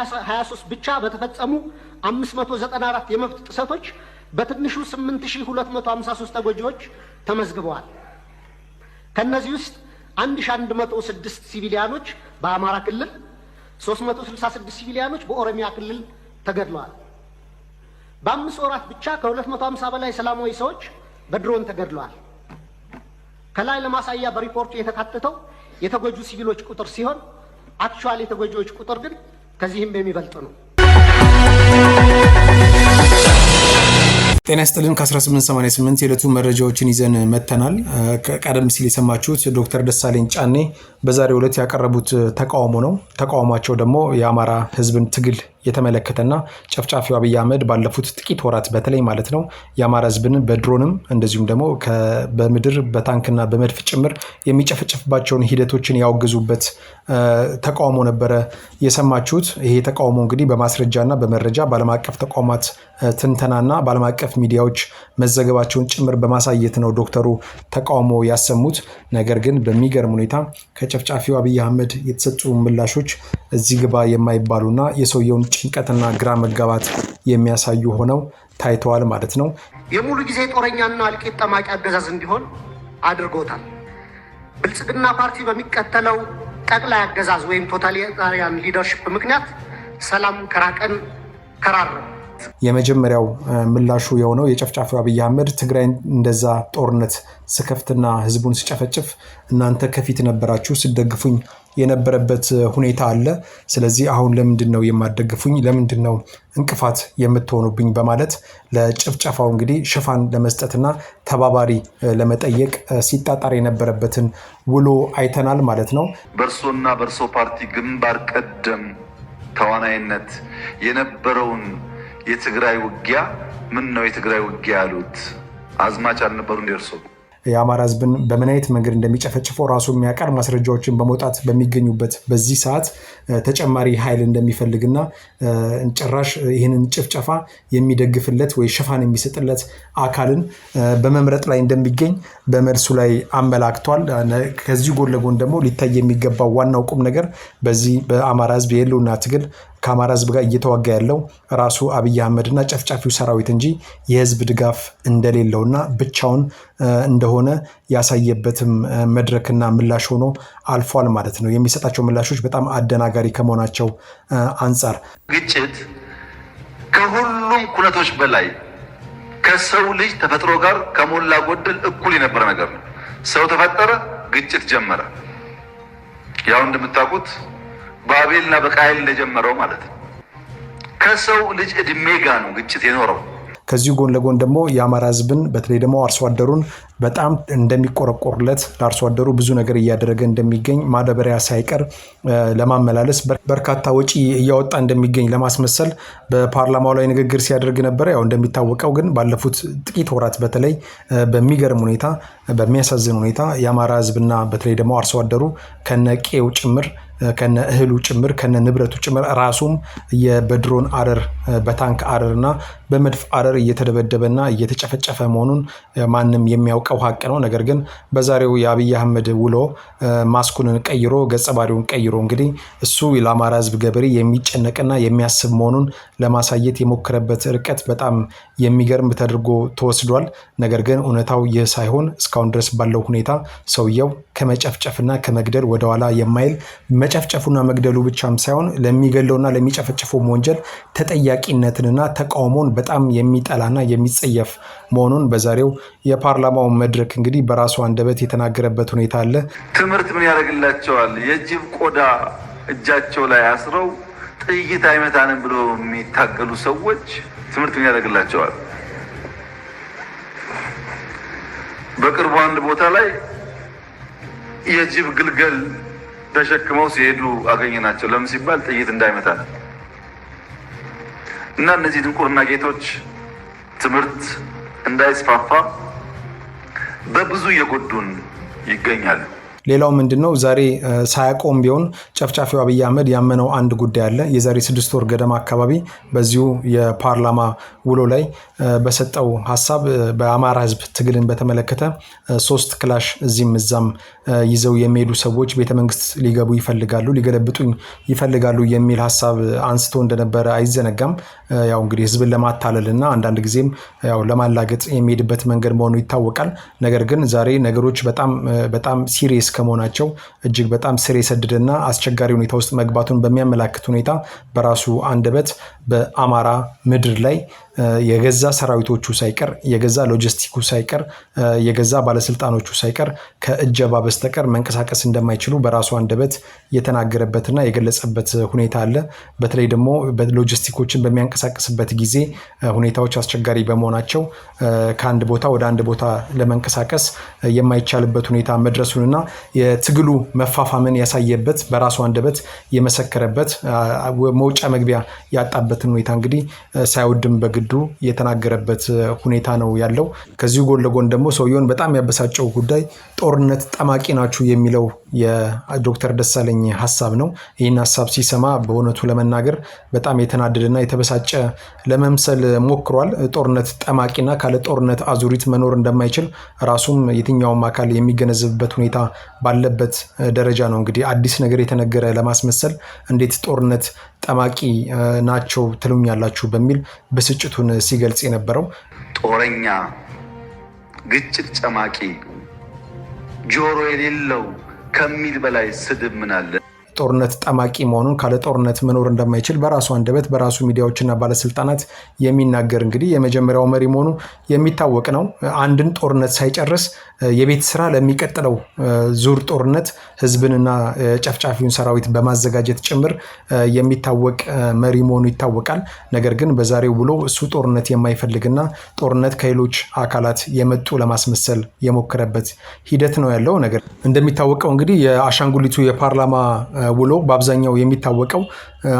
2023 ብቻ በተፈጸሙ 594 የመብት ጥሰቶች በትንሹ 8253 ተጎጂዎች ተመዝግበዋል። ከእነዚህ ውስጥ 1106 ሲቪሊያኖች በአማራ ክልል፣ 366 ሲቪሊያኖች በኦሮሚያ ክልል ተገድለዋል። በአምስት ወራት ብቻ ከ250 በላይ ሰላማዊ ሰዎች በድሮን ተገድለዋል። ከላይ ለማሳያ በሪፖርቱ የተካተተው የተጎጁ ሲቪሎች ቁጥር ሲሆን አክቹዋል የተጎጂዎች ቁጥር ግን ከዚህም የሚበልጥ ነው። ጤና ይስጥልን። ከ1888 የዕለቱ መረጃዎችን ይዘን መተናል። ቀደም ሲል የሰማችሁት ዶክተር ደሳለኝ ጫኔ በዛሬው ዕለት ያቀረቡት ተቃውሞ ነው። ተቃውሟቸው ደግሞ የአማራ ሕዝብን ትግል የተመለከተና ጨፍጫፊው አብይ አህመድ ባለፉት ጥቂት ወራት በተለይ ማለት ነው የአማራ ህዝብን በድሮንም እንደዚሁም ደግሞ በምድር በታንክና በመድፍ ጭምር የሚጨፈጨፍባቸውን ሂደቶችን ያወግዙበት ተቃውሞ ነበረ የሰማችሁት። ይሄ ተቃውሞ እንግዲህ በማስረጃና በመረጃ በዓለም አቀፍ ተቋማት ትንተናና በዓለም አቀፍ ሚዲያዎች መዘገባቸውን ጭምር በማሳየት ነው ዶክተሩ ተቃውሞ ያሰሙት። ነገር ግን በሚገርም ሁኔታ ከጨፍጫፊው አብይ አህመድ የተሰጡ ምላሾች እዚህ ግባ የማይባሉና የሰውየውን ጭንቀትና ግራ መጋባት የሚያሳዩ ሆነው ታይተዋል ማለት ነው። የሙሉ ጊዜ ጦረኛና እልቂት ጠማቂ አገዛዝ እንዲሆን አድርጎታል። ብልጽግና ፓርቲ በሚቀተለው ጠቅላይ አገዛዝ ወይም ቶታሊታሪያን ሊደርሽፕ ምክንያት ሰላም ከራቀን ከራረም የመጀመሪያው ምላሹ የሆነው የጨፍጫፊው አብይ አህመድ ትግራይ እንደዛ ጦርነት ስከፍትና ህዝቡን ስጨፈጭፍ እናንተ ከፊት ነበራችሁ ስደግፉኝ የነበረበት ሁኔታ አለ። ስለዚህ አሁን ለምንድን ነው የማደግፉኝ? ለምንድን ነው እንቅፋት የምትሆኑብኝ? በማለት ለጭፍጨፋው እንግዲህ ሽፋን ለመስጠትና ተባባሪ ለመጠየቅ ሲጣጣር የነበረበትን ውሎ አይተናል ማለት ነው። በእርሶና በእርሶ ፓርቲ ግንባር ቀደም ተዋናይነት የነበረውን የትግራይ ውጊያ ምን ነው የትግራይ ውጊያ ያሉት አዝማች አልነበሩ እንደርሶ? የአማራ ህዝብን በምን አይነት መንገድ እንደሚጨፈጭፈው ራሱ የሚያቀር ማስረጃዎችን በመውጣት በሚገኙበት በዚህ ሰዓት ተጨማሪ ኃይል እንደሚፈልግና ጭራሽ ይህንን ጭፍጨፋ የሚደግፍለት ወይ ሽፋን የሚሰጥለት አካልን በመምረጥ ላይ እንደሚገኝ በመልሱ ላይ አመላክቷል። ከዚህ ጎን ለጎን ደግሞ ሊታይ የሚገባው ዋናው ቁም ነገር በዚህ በአማራ ህዝብ የህልውና ትግል ከአማራ ህዝብ ጋር እየተዋጋ ያለው ራሱ አብይ አህመድና ጨፍጫፊው ሰራዊት እንጂ የህዝብ ድጋፍ እንደሌለውና ብቻውን እንደሆነ ያሳየበትም መድረክና ምላሽ ሆኖ አልፏል ማለት ነው። የሚሰጣቸው ምላሾች በጣም አደናጋሪ ከመሆናቸው አንጻር ግጭት ከሁሉም ኩነቶች በላይ ከሰው ልጅ ተፈጥሮ ጋር ከሞላ ጎደል እኩል የነበረ ነገር ነው። ሰው ተፈጠረ፣ ግጭት ጀመረ። ያው እንደምታውቁት በአቤልና በቃይል እንደጀመረው ማለት ነው። ከሰው ልጅ እድሜ ጋር ነው ግጭት የኖረው። ከዚሁ ጎን ለጎን ደግሞ የአማራ ህዝብን በተለይ ደግሞ አርሶ አደሩን በጣም እንደሚቆረቆርለት ለአርሶ አደሩ ብዙ ነገር እያደረገ እንደሚገኝ ማዳበሪያ ሳይቀር ለማመላለስ በርካታ ወጪ እያወጣ እንደሚገኝ ለማስመሰል በፓርላማው ላይ ንግግር ሲያደርግ ነበረ። ያው እንደሚታወቀው ግን ባለፉት ጥቂት ወራት በተለይ በሚገርም ሁኔታ በሚያሳዝን ሁኔታ የአማራ ህዝብና በተለይ ደግሞ አርሶ አደሩ ከነቄው ጭምር ከነ እህሉ ጭምር ከነ ንብረቱ ጭምር ራሱም በድሮን አረር በታንክ አረር እና በመድፍ አረር እየተደበደበና እየተጨፈጨፈ መሆኑን ማንም የሚያውቀው ሀቅ ነው። ነገር ግን በዛሬው የአብይ አህመድ ውሎ ማስኩንን ቀይሮ ገጸ ባሪውን ቀይሮ እንግዲህ እሱ ለአማራ ሕዝብ ገበሬ የሚጨነቅና የሚያስብ መሆኑን ለማሳየት የሞከረበት ርቀት በጣም የሚገርም ተደርጎ ተወስዷል። ነገር ግን እውነታው ይህ ሳይሆን እስካሁን ድረስ ባለው ሁኔታ ሰውየው ከመጨፍጨፍና ከመግደል ወደኋላ የማይል መጨፍጨፉና መግደሉ ብቻም ሳይሆን ለሚገለውና ለሚጨፈጨፈውም ወንጀል ተጠያቂነትንና ተቃውሞን በጣም የሚጠላና የሚጸየፍ መሆኑን በዛሬው የፓርላማው መድረክ እንግዲህ በራሱ አንደበት የተናገረበት ሁኔታ አለ። ትምህርት ምን ያደርግላቸዋል? የጅብ ቆዳ እጃቸው ላይ አስረው ጥይት አይመታንም ብሎ የሚታገሉ ሰዎች ትምህርት ያደርግላቸዋል። በቅርቡ አንድ ቦታ ላይ የጅብ ግልገል ተሸክመው ሲሄዱ አገኘ ናቸው ለምን ሲባል ጥይት እንዳይመታል እና እነዚህ ድንቁርና ጌቶች ትምህርት እንዳይስፋፋ በብዙ እየጎዱን ይገኛሉ። ሌላው ምንድን ነው? ዛሬ ሳያቆም ቢሆን ጨፍጫፊው አብይ አህመድ ያመነው አንድ ጉዳይ አለ። የዛሬ ስድስት ወር ገደማ አካባቢ በዚሁ የፓርላማ ውሎ ላይ በሰጠው ሀሳብ በአማራ ህዝብ ትግልን በተመለከተ ሶስት ክላሽ እዚህም እዛም ይዘው የሚሄዱ ሰዎች ቤተመንግስት ሊገቡ ይፈልጋሉ፣ ሊገለብጡኝ ይፈልጋሉ የሚል ሀሳብ አንስቶ እንደነበረ አይዘነጋም። ያው እንግዲህ ህዝብን ለማታለል እና አንዳንድ ጊዜም ያው ለማላገጥ የሚሄድበት መንገድ መሆኑ ይታወቃል። ነገር ግን ዛሬ ነገሮች በጣም በጣም ሲሪየስ ከመሆናቸው እጅግ በጣም ስር የሰደደና አስቸጋሪ ሁኔታ ውስጥ መግባቱን በሚያመላክት ሁኔታ በራሱ አንደበት በአማራ ምድር ላይ የገዛ ሰራዊቶቹ ሳይቀር የገዛ ሎጂስቲኩ ሳይቀር የገዛ ባለስልጣኖቹ ሳይቀር ከእጀባ በስተቀር መንቀሳቀስ እንደማይችሉ በራሱ አንደበት የተናገረበትና የገለጸበት ሁኔታ አለ። በተለይ ደግሞ ሎጂስቲኮችን በሚያንቀሳቀስበት ጊዜ ሁኔታዎች አስቸጋሪ በመሆናቸው ከአንድ ቦታ ወደ አንድ ቦታ ለመንቀሳቀስ የማይቻልበት ሁኔታ መድረሱንና የትግሉ መፋፋምን ያሳየበት በራሱ አንደበት የመሰከረበት መውጫ መግቢያ ያጣበትን ሁኔታ እንግዲህ ሳይወድም በግ ፕሬዚደንቱ የተናገረበት ሁኔታ ነው ያለው። ከዚሁ ጎን ለጎን ደግሞ ሰውየውን በጣም ያበሳጨው ጉዳይ ጦርነት ጠማቂ ናችሁ የሚለው የዶክተር ደሳለኝ ሀሳብ ነው። ይህን ሀሳብ ሲሰማ በእውነቱ ለመናገር በጣም የተናደደና የተበሳጨ ለመምሰል ሞክሯል። ጦርነት ጠማቂና ካለ ጦርነት አዙሪት መኖር እንደማይችል ራሱም የትኛውም አካል የሚገነዘብበት ሁኔታ ባለበት ደረጃ ነው እንግዲህ አዲስ ነገር የተነገረ ለማስመሰል እንዴት ጦርነት ጠማቂ ናቸው ትሉኛላችሁ በሚል ብስጭቱ ድርጅቱን ሲገልጽ የነበረው ጦረኛ፣ ግጭት ጨማቂ፣ ጆሮ የሌለው ከሚል በላይ ስድብ ምናለን ጦርነት ጠማቂ መሆኑን ካለ ጦርነት መኖር እንደማይችል በራሱ አንደበት በራሱ ሚዲያዎችና ባለስልጣናት የሚናገር እንግዲህ የመጀመሪያው መሪ መሆኑ የሚታወቅ ነው። አንድን ጦርነት ሳይጨርስ የቤት ስራ ለሚቀጥለው ዙር ጦርነት ህዝብንና ጨፍጫፊውን ሰራዊት በማዘጋጀት ጭምር የሚታወቅ መሪ መሆኑ ይታወቃል። ነገር ግን በዛሬው ውሎ እሱ ጦርነት የማይፈልግና ጦርነት ከሌሎች አካላት የመጡ ለማስመሰል የሞከረበት ሂደት ነው ያለው ነገር እንደሚታወቀው እንግዲህ የአሻንጉሊቱ የፓርላማ ውሎ በአብዛኛው የሚታወቀው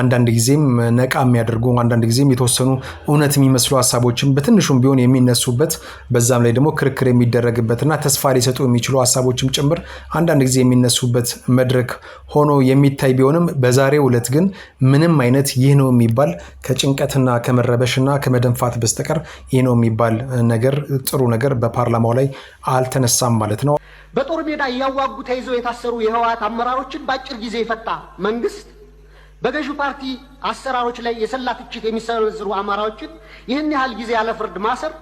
አንዳንድ ጊዜም ነቃ የሚያደርጉ አንዳንድ ጊዜም የተወሰኑ እውነት የሚመስሉ ሀሳቦችን በትንሹም ቢሆን የሚነሱበት በዛም ላይ ደግሞ ክርክር እና ተስፋ ሊሰጡ የሚችሉ ሀሳቦችም ጭምር አንዳንድ ጊዜ የሚነሱበት መድረክ ሆኖ የሚታይ ቢሆንም በዛሬው ዕለት ግን ምንም አይነት ይህ ነው የሚባል ከጭንቀትና ከመረበሽና ከመደንፋት በስተቀር ይህ ነው የሚባል ነገር ጥሩ ነገር በፓርላማው ላይ አልተነሳም ማለት ነው። በጦር ሜዳ እያዋጉ ተይዘው የታሰሩ የህወሓት አመራሮችን በአጭር ጊዜ የፈታ መንግስት በገዢው ፓርቲ አሰራሮች ላይ የሰላ ትችት የሚሰነዝሩ አማራዎችን ይህን ያህል ጊዜ ያለፍርድ ማሰር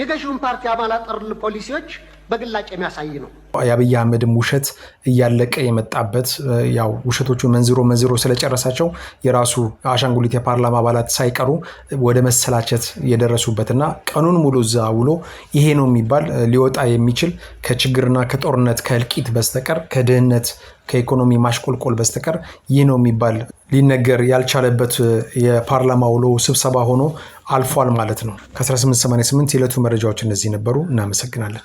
የገዢውን ፓርቲ አማራ ጠል ፖሊሲዎች በግላጭ የሚያሳይ ነው። የአብይ አህመድም ውሸት እያለቀ የመጣበት ያው ውሸቶቹ መንዝሮ መንዝሮ ስለጨረሳቸው የራሱ አሻንጉሊት የፓርላማ አባላት ሳይቀሩ ወደ መሰላቸት የደረሱበትና ቀኑን ሙሉ እዛ ውሎ ይሄ ነው የሚባል ሊወጣ የሚችል ከችግርና ከጦርነት ከእልቂት በስተቀር ከድህነት ከኢኮኖሚ ማሽቆልቆል በስተቀር ይህ ነው የሚባል ሊነገር ያልቻለበት የፓርላማ ውሎ ስብሰባ ሆኖ አልፏል ማለት ነው። ከ1888 የዕለቱ መረጃዎች እነዚህ ነበሩ። እናመሰግናለን።